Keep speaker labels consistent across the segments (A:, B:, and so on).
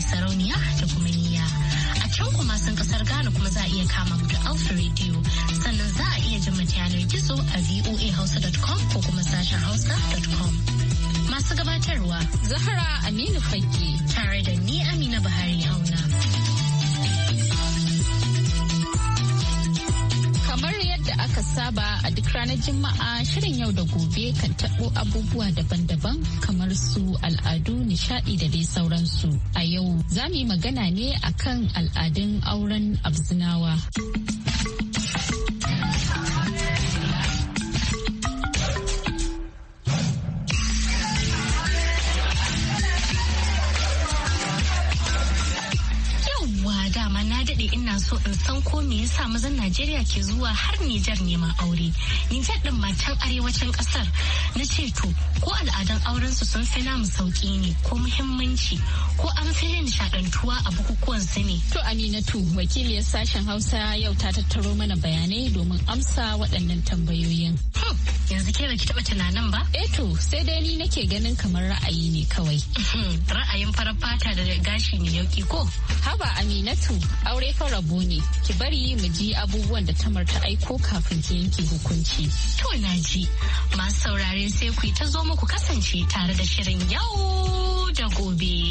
A: sarauniya da kuma niya. A can kuma sun kasar Ghana kuma za a iya kama mu da Alpha Radio sannan za a iya jin yanar gizo a voahausa.com ko kuma sashen hausa.com. Masu gabatarwa Zahra Aminu Fage tare da ni Amina Buhari Auna.
B: aka saba a duk ranar Juma'a shirin yau da gobe kan taɓo abubuwa daban-daban kamar su al'adu, nishaɗi da dai sauransu. A yau za mu yi magana ne akan al'adun auren abzinawa.
A: ina so in san ko me yasa mazan Najeriya ke zuwa har Nijar neman aure. Nijar din matan arewacin kasar na ce to ko al'adan auren su sun fi namu sauki ne ko muhimmanci ko an fi yin shaɗantuwa a bukukuwan su ne. To Aminatu
B: wakiliyar sashen Hausa yau ta tattaro mana bayanai domin amsa waɗannan tambayoyin. Hmm. yanzu ke baki taba tunanin ba? Eh to sai dai ni nake ganin kamar ra'ayi ne kawai.
A: Hmm, ra'ayin farar fata da gashi ne yauki ko? Haba Aminatu aure
B: fa rabo ne ki bari mu ji abubuwan da tamar ta aiko kafin ki yanke hukunci. To
A: na ji masu saurare sai ku ta zo muku kasance tare da shirin yau da gobe.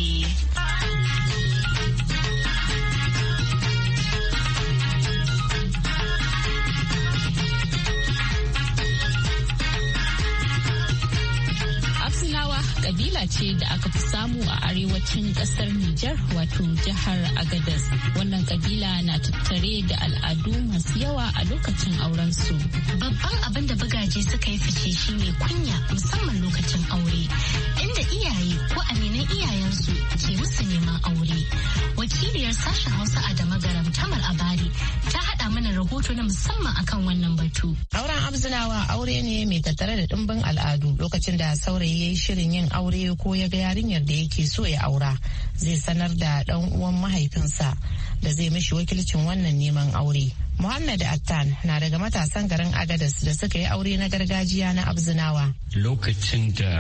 B: kabila ce da aka fi samu a arewacin kasar Nijar wato jihar Agadez. Wannan kabila na tattare da al'adu masu yawa a lokacin auren su. Babban abin da
A: Bagaje suka yi fice shi shine kunya musamman lokacin aure. Inda iyaye ko aminan iyayensu ke musu neman aure. Wakiliyar sashen Hausa a da magaram Tamar Abari ta mana rahoto na musamman akan wannan batu.
C: Auren abzinawa aure ne mai tattare da ɗimbin al'adu lokacin da saurayi ya yi shirin yin aure ko ya ga yarinyar da yake so ya aura zai sanar da ɗan uwan mahaifinsa da zai mishi wakilcin wannan neman aure. Muhammad Attan na daga matasan garin Agadas da suka yi aure na gargajiya na abzinawa.
D: Lokacin da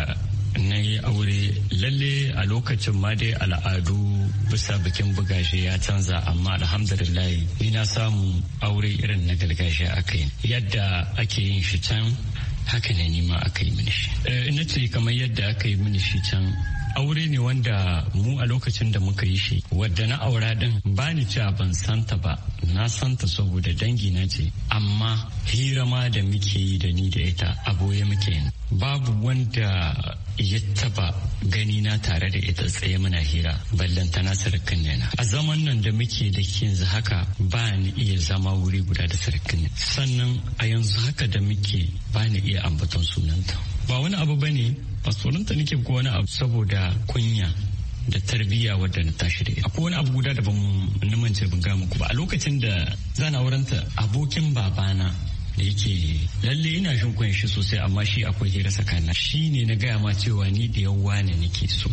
D: na yi aure lalle a lokacin ma dai al'adu bisa bikin bugashe ya canza amma alhamdulillah ni na samu aure irin na gargajiya aka yi yadda ake yin shi can haka ne nima aka yi mini shi eh, na ce kamar yadda aka yi mini shi can aure ne wanda mu a lokacin da muka yi shi wadda na aura din ba ni cewa ban santa ba na santa saboda dangi na ce amma hira ma da muke yi da ni da ita a boye muke yin babu wanda ya taba gani na tare da ita tsaye muna hira ballan tana sarkin a zaman nan da muke da ke yanzu haka ba ni iya zama wuri guda da sarkin sannan a yanzu haka da muke ba ni iya ambaton sunanta ba wani abu bane ba sunanta nake ko wani abu saboda kunya da tarbiyya wadda na tashi da ita. Akwai wani abu guda da ban namance ban ga muku ba a lokacin da zana wurinta abokin babana da yake lalle ina shin kwan shi sosai amma shi akwai hira tsakanin shi ne na gaya ma cewa ni da yawa ne nake so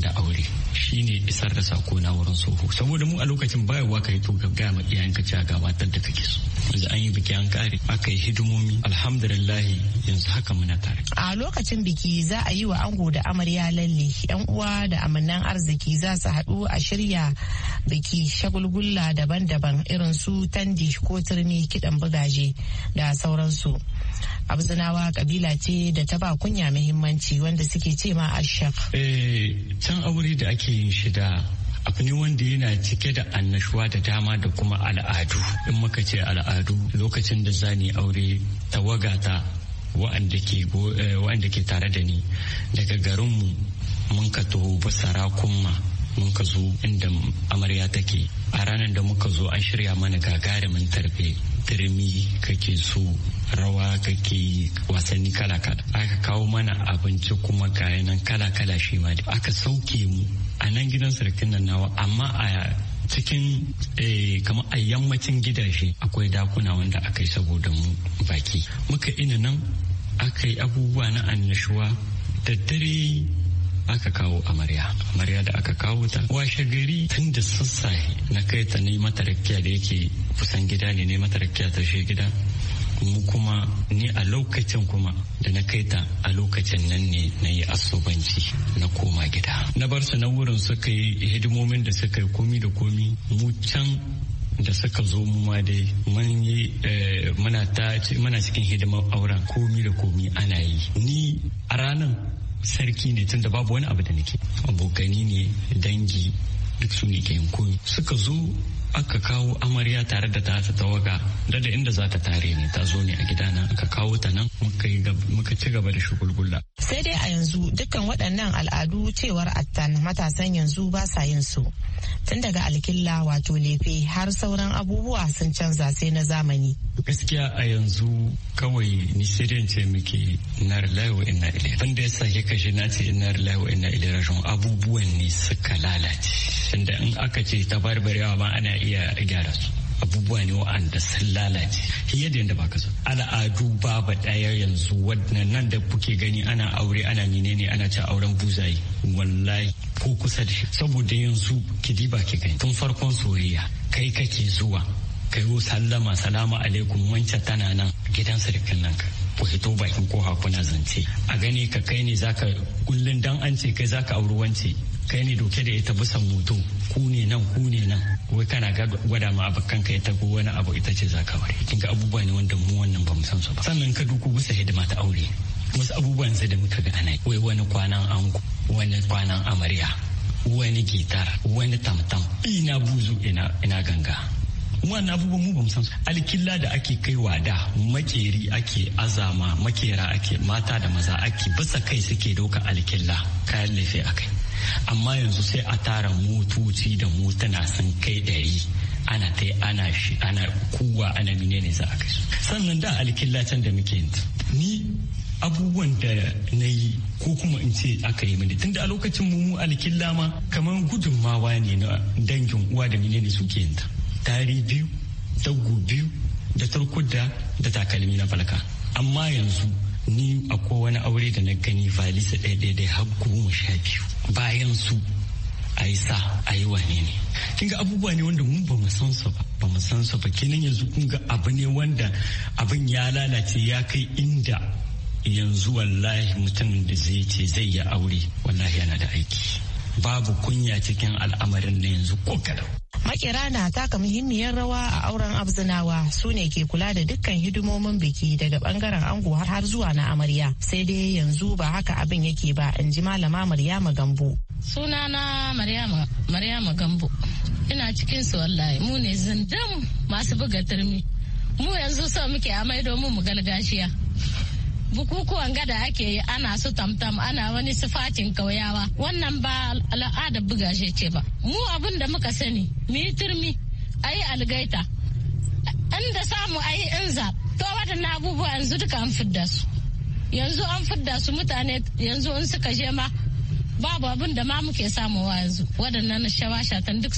D: da aure shi ne isar da sako na wurin soho saboda mu a lokacin bayarwa ka yi to ga gama iyayen ka cewa ga matar da kake so yanzu an yi biki an kare aka yi hidimomi alhamdulillah yanzu haka muna tare
C: a lokacin biki za a yi wa ango da amarya lalle yan uwa da amannan arziki za su haɗu a shirya biki shagulgulla daban-daban irin su tandi ko turmi kiɗan bugaje da sauransu abzinawa kabila ce da ta ba kunya muhimmanci wanda suke ce ma ashaf
D: eh, can aure da ake yin shida abu ne wanda yana cike da annashuwa da dama da kuma al'adu in muka ce al'adu lokacin da zani aure tawagata eh, wa'anda ke tare da ni daga garinmu mun ka taho basara kuma muka zo inda amarya take a ranar da muka zo an shirya mana gagarumin tarbe turmi kake so rawa kake wasanni kala-kala aka kawo mana abinci kuma kayanan kala-kala shi ma aka sauke mu a nan gidan sarkin nan nawa amma a cikin eh, kamar a yammacin gidashe akwai dakuna wanda aka yi saboda mu baki muka ina nan aka yi abubuwa na annashuwa da dare aka kawo amarya amarya da aka kawo ta washe gari tun da sassahe na kai ta ne mata da yake kusan gida ne ne mata ta shi gida mu kuma ni a lokacin kuma da na kai ta a lokacin nan ne na yi asubanci na koma gida na bar su na wurin suka yi hidimomin da suka yi komi da komi mu can da suka zo mu ma dai mun yi eh, mana cikin hidimar auren komi da komi ana yi ni a ranar sarki ne tunda babu wani abu da nake abokani ne dangi duk su ne ke komi suka zo aka kawo amarya tare da ta tawaga da da inda za ta tare ne ta zo ne a gidana aka kawo ta nan muka ci gaba da shugulgula.
C: sai dai a yanzu dukkan waɗannan al'adu cewar attan matasan yanzu ba sa yin su tun daga alkilla wato lefe har sauran abubuwa sun canza sai na zamani
D: gaskiya a yanzu kawai ni shirin ce muke na rilayo ina ile wanda ya sake kashe na ce ina rilayo ina ile rashin abubuwan ne suka lalace da in aka ce ta barbarewa ma ana iya gyara su abubuwa ne wa'anda sun lalace Yadda da yadda ba ka so al'adu babu ɗaya yanzu wannan nan da kuke gani ana aure ana menene ana ci auren buzayi wallahi ko kusa da saboda yanzu kidiba ki gani tun farkon soyayya kai kake zuwa kai sallama salamu alaikum wancan tana nan gidan sarkin nan ka ku hito bakin ko hakuna zance a gani ka kai ne zaka kullun dan an ce kai zaka auri wance kai ne doke da ita bisan moto ku ne nan ku ne nan wai kana gwada ma abokan ka ita ko wani abu ita ce zaka bari kin ga abubuwa ne wanda mu wannan bamu san su ba sannan ka duku bisa hidima ta aure wasu abubuwan sai da muka ga wai wani kwanan ango wani kwanan amarya wani gitar wani tamtam ina buzu ina ganga wannan abubuwan mu bamu san alkilla da ake kaiwa da makeri ake azama makera ake mata da maza ake basa kai suke doka alkilla kayan a kai. amma yanzu sai a tara motoci da motuna sun kai dari ana ta ana shi ana kuwa ana mine ne za a kai sannan da alkilla can da muke yin ni abubuwan da na yi ko kuma in ce aka yi mini tunda a lokacin mu alkilla ma kamar gudunmawa ne na dangin uwa da mine ne suke yin ta tari biyu taggu biyu da tarkuda da takalmi na falka amma yanzu ni akwai wani aure da na gani valisa ɗaya ɗaya har goma sha biyu bayan su a yi sa a yi wane ne kin ga abubuwa ne wanda mun ba mu san su ba ba mu san su ba kenan yanzu kun ga abu ne wanda abin ya lalace ya kai inda yanzu wallahi mutumin da zai ce zai yi aure wallahi yana da aiki babu kunya cikin al'amarin na yanzu ko kadau
C: Makira na taka muhimmiyar rawa a auren abzinawa su ne ke kula da dukkan hidimomin biki daga bangaren ango har zuwa na amarya. Sai dai yanzu ba haka abin yake ba in ji malama Maryama Gambo.
E: Sunana Maryama Maryama Gambo. Ina cikin su wallahi mu ne zindam masu buga turmi. Mu yanzu sa muke amai domin mu galgashiya. bukukuwan gada ake yi ana su tamtam ana wani sifatin kauyawa wannan ba al'ada buga shi ce ba mu abin da muka sani mu yi turmi a yi algaita inda samu a yi inza to waɗannan abubuwa yanzu duka an fidda su yanzu an fidda su mutane yanzu in suka je ma babu abin da ma muke samuwa yanzu waɗannan shawashatan duk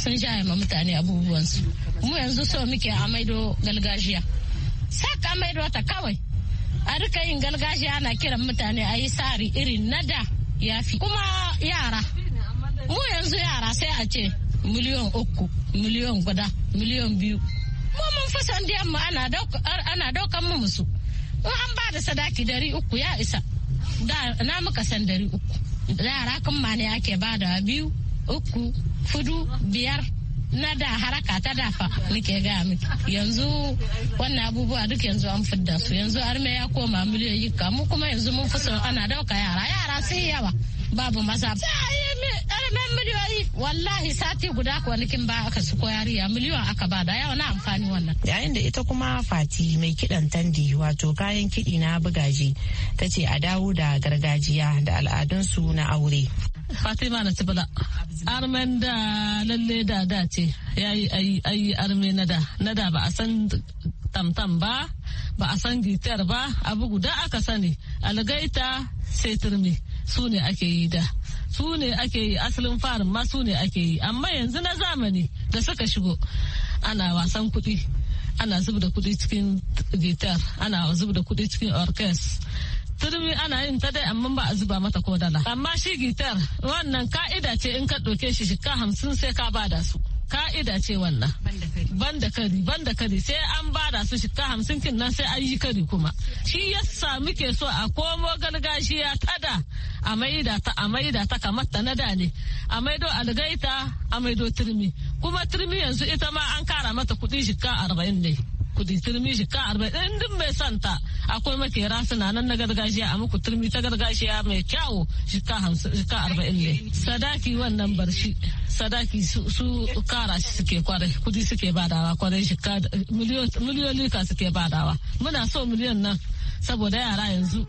E: sun shaye ma mutane abubuwansu mu yanzu so muke a maido sa ka maido ta kawai a rika yin galgashi ana kiran mutane a yi sari irin na da ya fi kuma yara
F: mu yanzu yara sai a
E: ce miliyan uku miliyan guda miliyon biyu mu mun fi son mu ana daukan mu musu in an ba da sadaki dari uku ya isa da na muka san dari uku yara kan ma ne ake ba da biyu uku fudu biyar na da haraka ta dafa nake gaya miki yanzu wannan abubuwa duk yanzu an fidda su yanzu har ya koma miliyoyi kamu kuma yanzu mun fi ana dauka yara yara sun yawa babu maza ɗan miliyoyi wallahi sati guda kuwa nikin ba aka su ko yariya miliyon aka ba da yawa na amfani wannan
C: yayin da ita kuma fati mai kidan tandi wato kayan kiɗi na bugaji ta ce a dawo da gargajiya da al'adunsu na aure
F: Fatima na tibila. Armen da lalle da da ce ya yi ayi arme na da. Na da ba a san tamtam ba, ba a san gitar ba, abu guda aka sani. Algaita sai turmi su ne ake yi da. Su ne ake yi asalin farin ma su ne ake yi. Amma yanzu na zamani da suka shigo ana wasan kuɗi. Ana zub da kuɗi cikin gitar, ana zub da kuɗi cikin orkes. turmi ana yin ta dai amma ba a zuba mata ko dala amma shi gitar wannan ka'ida ce in ka ɗauke shi shika hamsin sai ka bada su ka'ida ce wannan banda kari banda kari sai an bada su shika hamsin kin nan sai an yi kari kuma shi yasa muke so a komo gargajiya tada a maida ta a maida ta kamar ta na da ne a maido algaita a maido turmi kuma turmi yanzu ita ma an kara mata kuɗi shika arba'in ne kuɗi turmi shi ka arba'in ɗin duk mai santa akwai makera suna nan na gargajiya a muku turmi ta gargajiya mai kyawu shi ka arba'in ne sadaki wannan barshi sadaki su kara shi suke kwarai kudi suke badawa kwarai shi miliyoyi ka suke badawa muna so miliyon nan saboda yara yanzu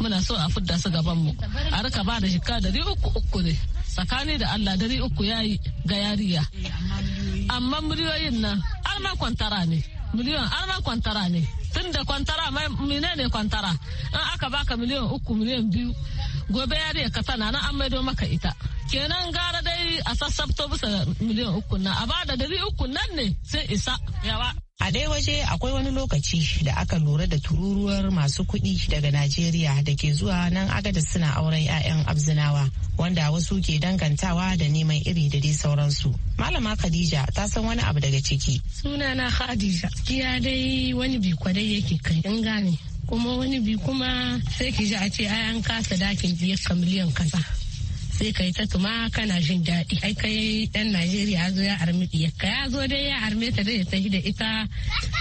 F: muna so a fudda su gaban mu a rika ba da shika dari uku uku ne tsakani da Allah dari uku yi ga yariya amma miliyoyin nan har kwantara ne miliyan an na kwantara ne tun da kwantara mai mine ne kwantara an aka baka miliyan uku miliyan biyu gobe ya ka tana na an maido maka ita kenan gara dai a sassabto bisa miliyan uku na a bada dari uku nan ne sai isa yawa
C: A dai waje akwai wani lokaci da aka lura da tururuwar masu kuɗi daga Najeriya da ke zuwa nan agada suna auren 'ya'yan abzinawa wanda wasu ke dangantawa da neman iri da dai sauransu. Malama Khadija ta san wani abu daga ciki. Sunana Khadija. Kiya dai wani bi kwadai yake kai in gane. Kuma wani bi kuma sai ki ji a ce ayan kasa dakin biyar ka miliyan kasa. sai kai ta tuma kana jin daɗi ai kai ɗan najeriya ya zo ya armi ka ya zo dai ya armi ta dai ta da ita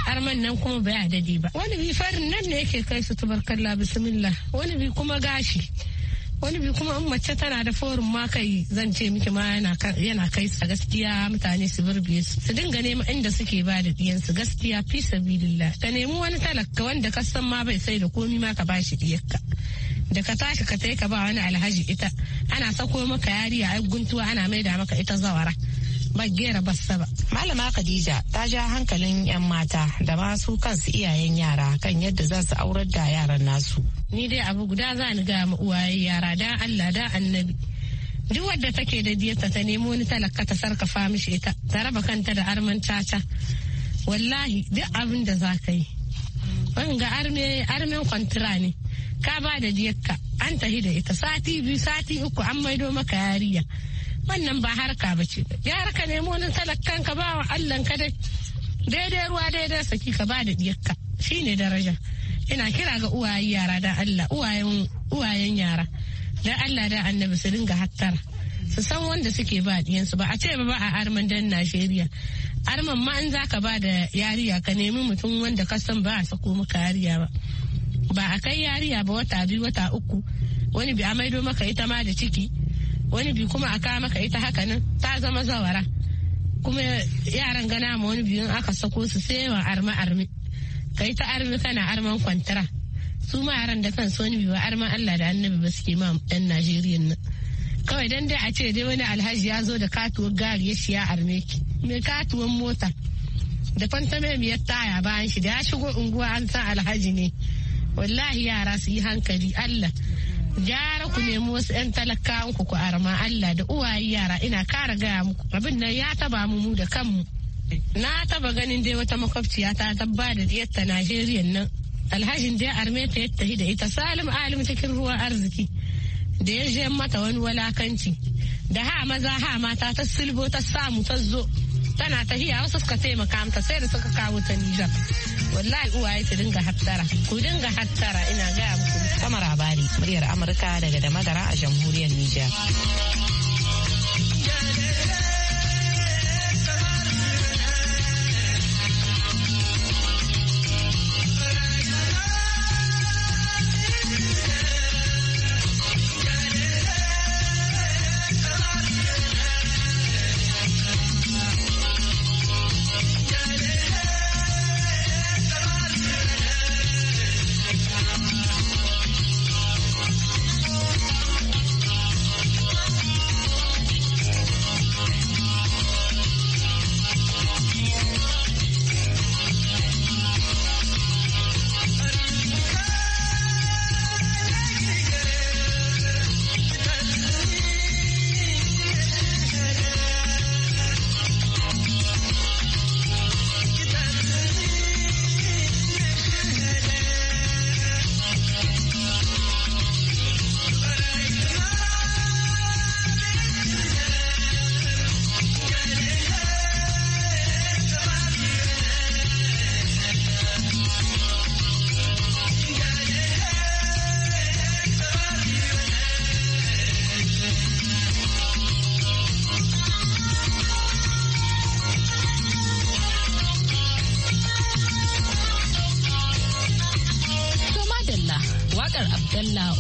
C: arman nan kuma bai adadi ba wani bi farin nan ne yake kai su tubarkalla bismillah wani bi kuma gashi wani bi kuma in mace tana da forum ma kai zan ce miki ma yana kai su gaskiya mutane su birbe su su dinga nema inda suke ba da diyansu gaskiya fi sabilillah ka nemi wani talaka wanda ka ma bai sai da komi ma ka bashi diyarka da ka tashi ka ka ba wani alhaji ita ana sako maka yari a guntuwa ana maida maka ita zawara ba gera ba saba. Malama Khadija ta ja hankalin 'yan mata da masu kansu iyayen yara kan yadda za su aurar da yaran nasu. Ni dai abu guda za ni ga uwaye yara da Allah da annabi. Duk wadda take da diyarta ta nemo wani talaka ta sarkafa mishi ita ta raba kanta da arman caca. Wallahi duk abin da za ka yi. Wanga arme armen kwantira ne. ka ba da jiyarka an tahi da ita sati biyu sati uku an maido maka yariya wannan ba harka ba ce ya ka nemo wani talakkan ka ba wa allan ka dai daidai ruwa daidai saki ka ba da shi shine daraja ina kira ga uwayen yara da allah uwayen yara da allah da annabi su dinga hattara su san wanda suke ba diyansu ba a ce ba a arman dan najeriya arman ma in zaka ba da yariya ka nemi mutum wanda ka san ba a sako maka yariya ba ba a kai yariya ba wata biyu wata uku wani bi a maido maka ita ma da ciki wani bi kuma a kawo maka ita haka nan ta zama zawara kuma yaran gana ma wani biyun aka sako su sai wa arma armi kai ta armi kana arman kwantara su ma yaran da kansu wani bi ba arman Allah da annabi ba suke ma yan Najeriya nan kawai dan dai a ce dai wani alhaji ya zo da katuwar gari ya shiya arme ki mai katuwar mota da fanta mai miyar taya bayan shi da ya shigo unguwa an san alhaji ne wallahi yara su yi hankali Allah gyara ku nemi wasu 'yan talakawan ku ku arma Allah da uwaye yara ina kara gaya muku abin nan ya taba mu mu da kanmu na taba ganin dai wata makwabciya ta tabba da diyarta Najeriya nan alhajin dai arme ta yadda da ita salim alim cikin ruwa arziki da ya je mata wani walakanci da ha maza ha mata ta silbo ta samu ta zo tana tafiya wasu suka taimaka mata sai da suka kawo ta Nijar. Wallahi uwaye su dinga hattara, ku dinga hattara ina gaya muku. Kamar Bari, muryar Amurka daga da madara a jamhuriyar Nijar.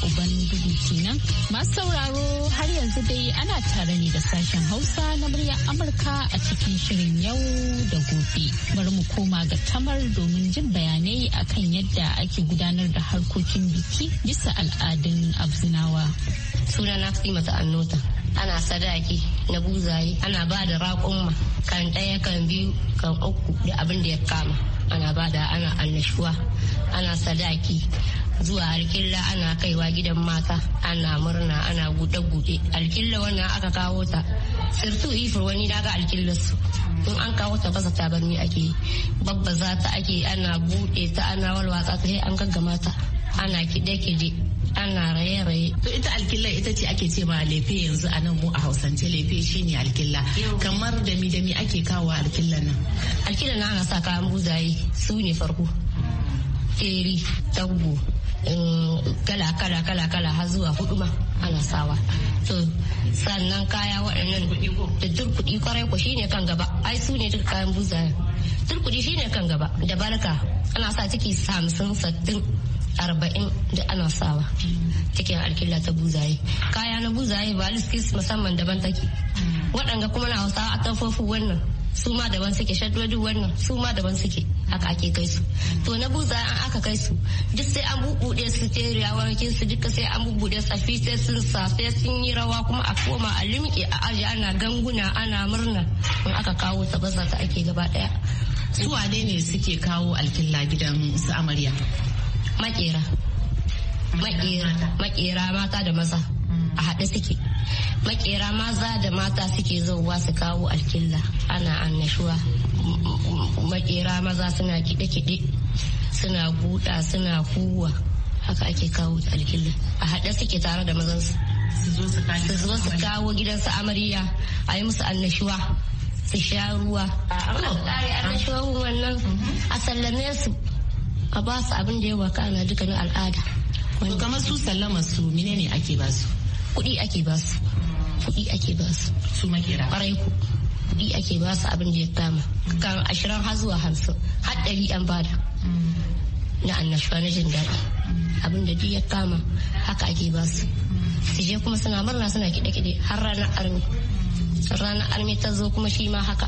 B: uban dubu kenan. Masu sauraro har yanzu dai ana tare ne da sashen Hausa na muryar Amurka a cikin shirin yau da gobe. Bari mu koma ga tamar domin jin bayanai akan yadda ake gudanar da harkokin
G: biki bisa al'adun Abzinawa. Sunana Fatima Annota. ana sadaki na buzaye ana ba da raƙumma kan ɗaya kan biyu kan uku da abin da ya kama ana ba da ana annashuwa ana sadaki zuwa alkilla ana kaiwa gidan mata ana murna ana gude-gude alkilla wannan aka kawo ta sirtu ifir wani daga su in an kawo ta basa ta barni ake babba za ta ake ana buɗe ta ana walwatsa ta sai an gaggama ta ana
C: kide-kide ana raye-raye. To ita alkilla ita ce ake ce ma lefe yanzu a nan mu a hausance lefe shi shine alkilla. Kamar dami-dami ake kawo alkilla nan. Alkilla na ana sa kayan buzaye su ne farko. Keri, taggo,
G: kala kala kala kala har zuwa hudu ma ana sawa to sannan kaya waɗannan da turkuɗi kwarai ku shine kan gaba ai su ne duka kayan buzayen turkuɗi shine kan gaba da barka ana sa ciki hamsin sattin arba'in da ana sawa cikin alkilla ta buzaye kaya na buzaye ba liskis musamman daban take waɗanga kuma na hausawa a tamfofi wannan su ma daban suke shaddodin wannan su ma daban suke haka ake kai su to na buza an aka kai su duk sai an bubuɗe su sai rawarkin su duka sai an bubuɗe fi sai sun sa sai sun yi rawa kuma a koma a limke a aji ana ganguna ana murna in aka kawo sabasa ta ake gaba daya
C: su wane ne suke kawo alkilla gidan su amarya
G: makera makera mata da maza a haɗe suke makera maza da mata suke zauwa su kawo alkilla ana annashuwa makera maza suna kiɗe-kiɗe suna guda suna kuwa haka ake kawo alkilla a haɗe suke tare da mazansu
C: su zo su
G: kawo gidansu amarya a yi musu annashuwa su sha ruwa annashuwa wannan mhm. a sallame su a ba su abin da ya waka na dukkanin al'ada kamar su sallama su menene ake ba su kuɗi ake ba su kuɗi ake ba su su makera ƙwarai ku kuɗi ake ba su abin da ya kama kan ashirin har zuwa hamsin har ɗari an bada na annashuwa na jin daɗi abin da duk ya kama haka ake ba su su je kuma suna murna suna kiɗe-kiɗe har ranar armi ranar armi ta zo kuma shi ma haka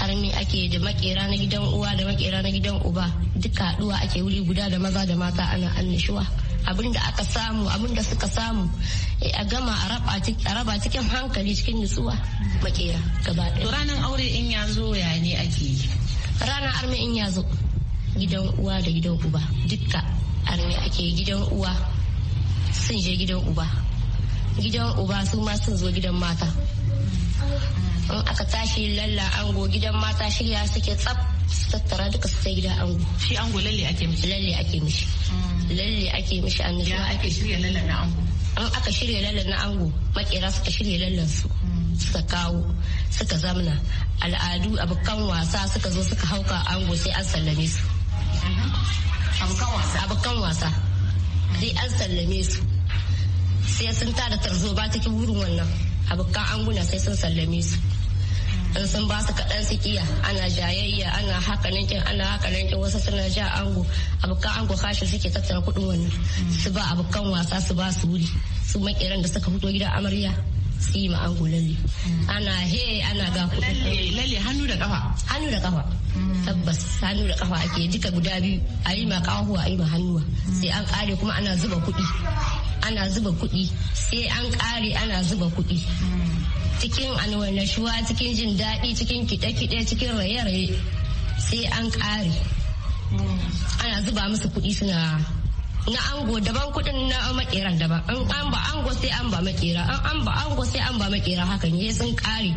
G: armi ake da makera na gidan uwa da makera na gidan uba duka haɗuwa ake wuri guda da maza da mata ana annashuwa abin da aka samu abin da suka samu eh, a gama a raba cikin hankali cikin nutsuwa makera gaba ɗaya. ranar aure in
C: ya zo ya ne ake yi
G: ranar arme in ya zo gidan uwa da gidan uba dukka arme ake gidan uwa sun je gidan uba gidan uba su ma sun zo gidan mata in aka tashi lalla ango gidan mata shirya suke tsaf su tattara duka su sai gida ango shi ango lalle ake mishi lalle ake mishi
H: mm.
G: lalle ake mishi annabi ya ake shirya lallan na ango an aka shirya lallan na ango makera suka shirya lallan su mm. suka kawo suka zamna al'adu abokan wasa suka zo suka hauka ango sai an sallame su mm-hmm. abokan wasa sai an sallame su sai sun tada tarzo ba cikin wurin wannan abokan anguna sai sun sallame su in sun ba su kaɗan su kiya ana jayayya ana haka ninkin ana haka ninkin wasu suna ja ango abokan ango kashin suke tattara kuɗin wannan su ba abokan wasa su ba su wuri su makiran da suka fito gidan amarya su yi ango lalle ana he ana ga kuɗi lalle hannu da kafa hannu da kafa tabbas hannu da kafa ake duka guda biyu a yi ma kahuwa a yi ma hannuwa sai an kare kuma ana zuba kuɗi ana zuba kuɗi sai an kare ana zuba kuɗi cikin annashuwa cikin jin daɗi cikin kiɗe-kiɗe cikin raye-raye sai an ƙare ana zuba musu kuɗi suna na ango daban kuɗin na makeran daban an an ba ango sai an ba makera an an ba ango sai an ba makera hakan ne sun ƙare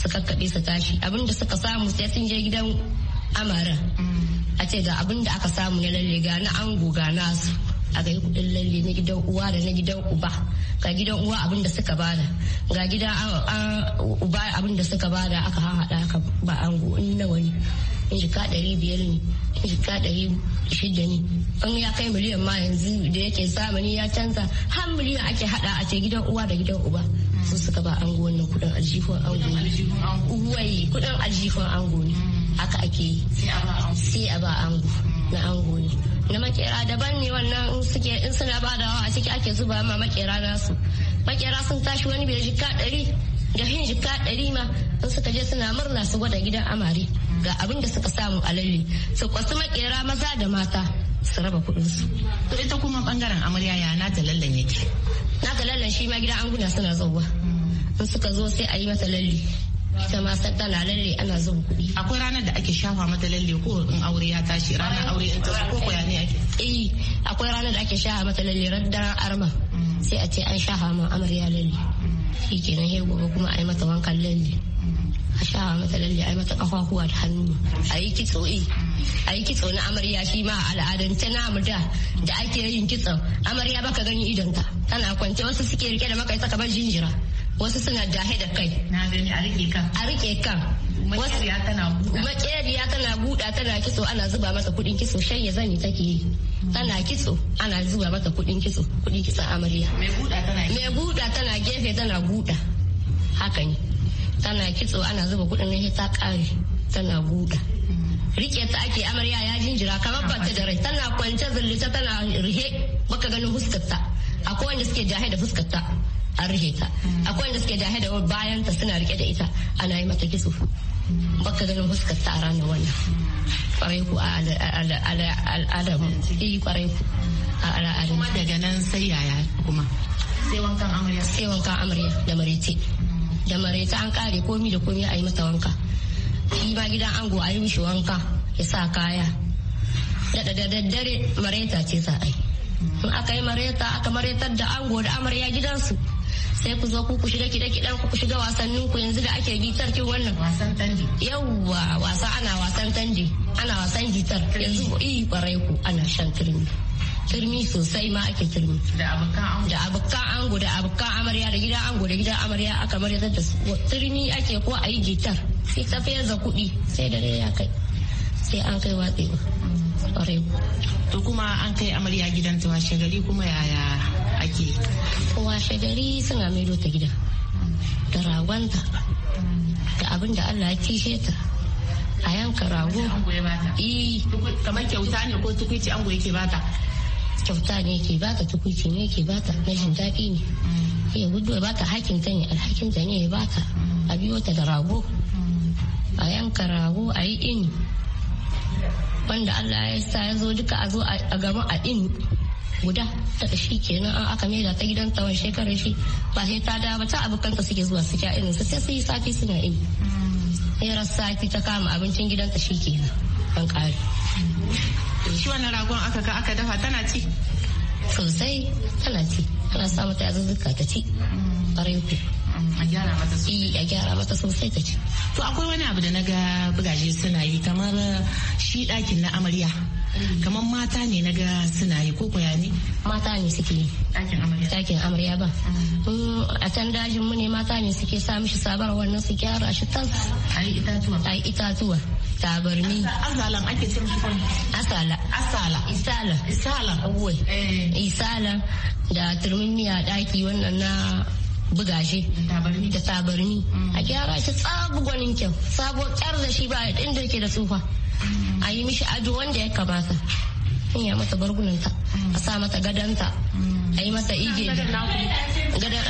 G: su kakkaɓe su tashi abinda suka samu sai sun je gidan amaran a ce ga abinda aka samu na lalle ga na ango ga nasu a ga kudin lalle na gidan uwa da na gidan uba ga gidan uwa abin da suka bada ga gidan uba abin da suka bada aka haɗa ka ba ango in nawa ne in ka ɗari biyar ne in ka ɗari shida ne in ya kai miliyan ma yanzu da yake zamani ya canza har miliyan ake haɗa a ce gidan uwa da gidan uba su suka ba ango wannan kudin aljihun ango ne kudin aljihun ango ne haka ake yi sai a ba ango na ango ne na makera daban ne wannan in suke in suna badawa a ciki ake zuba ma makera nasu makera sun tashi wani bai jika ɗari da hin jika ɗari ma in suka je suna murna su gwada gidan amare ga abin da suka samu a lalle su kwasu makera maza da mata su raba kuɗin su. To ita kuma bangaren amarya ya na ta lallan yake. Na ta lallan shi ma gidan anguna suna zauwa. Mm. In suka zo sai a yi mata lalle ita ma tana lalle ana zuba kuɗi. Akwai ranar da ake shafa mata lalle ko in aure ya tashi ranar aure in tashi ko koya ne ake. Eh akwai ranar da ake shafa mata lalle ran daren arma sai a ce an shafa ma amarya lalle. Shi kenan he gobe kuma a yi mata wankan lalle. A shafa mata lalle a yi mata kafafuwa da hannu a yi kitso eh. a yi kitso na amarya shi ma al'adance namu da da ake yin kitso amarya baka gani idonta tana kwance wasu suke rike da maka ita ban jinjira. wasu suna dahe
C: da kai na gani a rike kan a rike kan tana buɗa
G: tana buɗa tana kitso ana zuba masa kuɗin kitso shayya zani take yi tana kitso ana zuba masa kuɗin kitso kuɗin kitson amarya mai buɗa tana mai buɗa tana gefe tana buɗa haka ne tana kitso ana zuba kuɗin nan ta ƙare tana buɗa rike ta ake amarya ya jinjira kamar ba ta da rai tana kwance zullita tana rihe baka ganin fuskarta akwai wanda suke jahe da fuskarta an rike ta akwai wanda suke dahe da bayan ta suna rike da ita ana yi mata gizo baka ganin fuskar ta ranar wannan kwarai ku a al'adamu yi kwarai ku a al'adamu kuma
C: daga nan sai yaya kuma sai
G: wankan amarya sai wankan amarya da marete da marete an kare komi da komi a yi mata wanka shi ba gidan ango a yi mishi wanka ya sa kaya da daddare mareta ce za a in aka yi mareta aka maretar da ango da amarya gidansu sai ku zo ku ku shiga kiɗe kiɗen ku shiga wasannin ku yanzu da ake bi sarkin wannan wasan tandi yawwa wasa ana wasan tandi ana wasan gitar yanzu ku yi kwarai ku ana shan kirmi kirmi sosai ma ake kirmi Da abokan ango da abokan amarya da gida ango da gidan amarya aka mare da su. kirmi ake ko a yi gitar sai safe za kuɗi
C: sai dare ya kai sai an kai watsewa. Mm. ku To kuma an kai amarya gidan ta washe gari kuma yaya ake yi washe gari suna maido ta gida da ragonta da abin da allah ya kishe ta a yanka rago e, kamar kyauta ne ko tukuici ango yake bata kyauta ne ke
G: bata tukuici ne ke bata na jin daɗi ne ya gudu bata hakinta ne alhakinta ne ya bata a biyo ta da rago a yanka rago a yi ini wanda allah ya sa ya zo duka a zo a gama a ini guda da shi kenan an aka maida ta gidan tsawon shekarar shi ba sai ta dawo ba ta abokanta suke zuwa suke irin sai su yi sati suna yi yaran sati ta kama abincin gidan ta shi kenan
C: an kare shi wannan ragon aka ga aka dafa tana ci sosai tana ci ana sa mata yazuzzuka ta ci ƙwarai ku a gyara
G: mata sosai eh, a gyara mata sosai ta ci
C: to akwai wani abu da na ga bugaje suna yi kamar shi ɗakin na amarya kamar mata ne na ga suna yi ko kwaya ne mata
G: ne suke yi ɗakin amarya ba mm. Mm, a can dajin mu ne mata ne suke sa mishi sabar wannan su gyara shi tas a yi itatuwa tabarni asalan ake ce mishi asala asala isala isala wai eh. isala da a daki wannan na buga shi da tabarni mm. a gyara shi tsabu gwanin kyau sabo kyar da shi ba inda ke da tsufa a yi mishi ado wanda ya kamata in ya mata bargunanta a sa mata gadanta
H: a yi masa ije gadon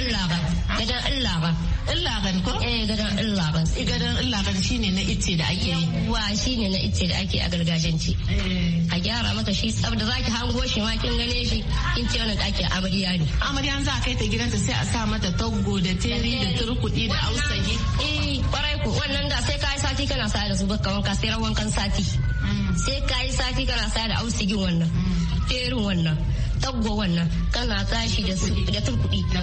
H: illagan
G: gadon illagan illagan ko eh gadon illagan eh, gadon illagan shine na ice da ake yi wa shine na ice da ake a gargajiyance
A: eh.
G: a gyara masa shi tsab da zaki hango shi ma kin gane shi kin ce wannan ɗakin amarya ne
C: amarya za a kai ta gidanta sai a sa mata taggo da
G: teri da eh. turkuɗi da ausayi eh kwarai ko wannan da sai kai sati kana sa da su baka wanka sai ran wankan sati mm. sai kai sati kana sa da ausigin wannan mm. terin wannan tsaggo wannan kana tashi da turkuɗi da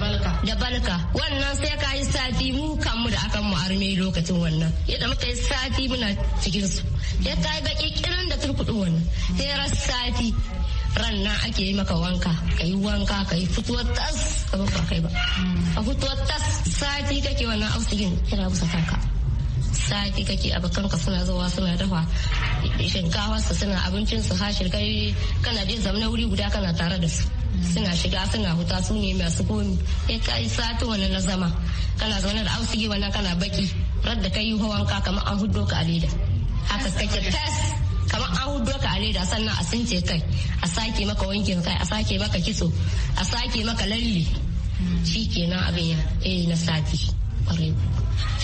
G: balka wannan sai ka yi sati mu kanmu da akan mu arme lokacin wannan yadda muka yi sati muna cikin su ya ta yi baki kiran da turkuɗi wannan sai sati ran ake yi maka wanka ka yi wanka ka yi fituwar tas ka ba kai ba mm. a fituwar tas sati kake wannan oxygen kira busa kanka safe kake ka suna zuwa suna dafa su suna abincin su hashir kai kana je zamna wuri guda kana tare da su suna shiga suna huta su ne masu komi ya kai sati wani na zama kana zaune da ausige wannan kana baki da kai wanka kamar an hudo ka alida haka kake tas kamar an hudo ka aleda sannan a sunce kai a sake maka wankin kai a sake maka kitso a sake maka lalle shi kenan abin ya eh, na sati kwarai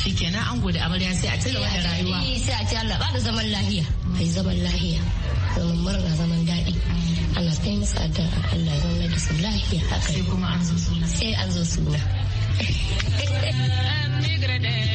C: shikenan an gode amarya sai a cikin wannan rayuwa sai
G: a ci Allah ba da zaman lahiya ai zaman lahiya zaman murna zaman daɗi ana kai musu addu'a Allah ya zama da su lahiya haka sai kuma an zo suna sai an zo suna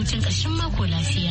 A: hutun ƙarshen mako lafiya.